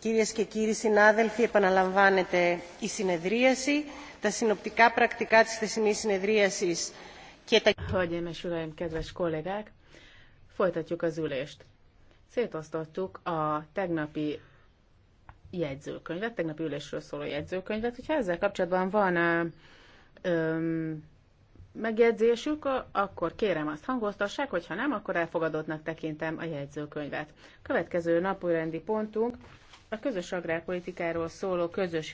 Κυρίες και κύριοι συνάδελφοι, επαναλαμβάνεται η συνεδρίαση. Τα συνοπτικά πρακτικά της θεσινής συνεδρίασης και τα... Hölgyeim és uraim, kedves kollégák, folytatjuk az ülést. Szétosztottuk a tegnapi jegyzőkönyvet, tegnap ülésről szóló jegyzőkönyvet. Hogyha ezzel kapcsolatban van öm, megjegyzésük, akkor kérem azt hangoztassák, hogyha nem, akkor elfogadottnak tekintem a jegyzőkönyvet. Következő napi rendi pontunk a közös agrárpolitikáról szóló közös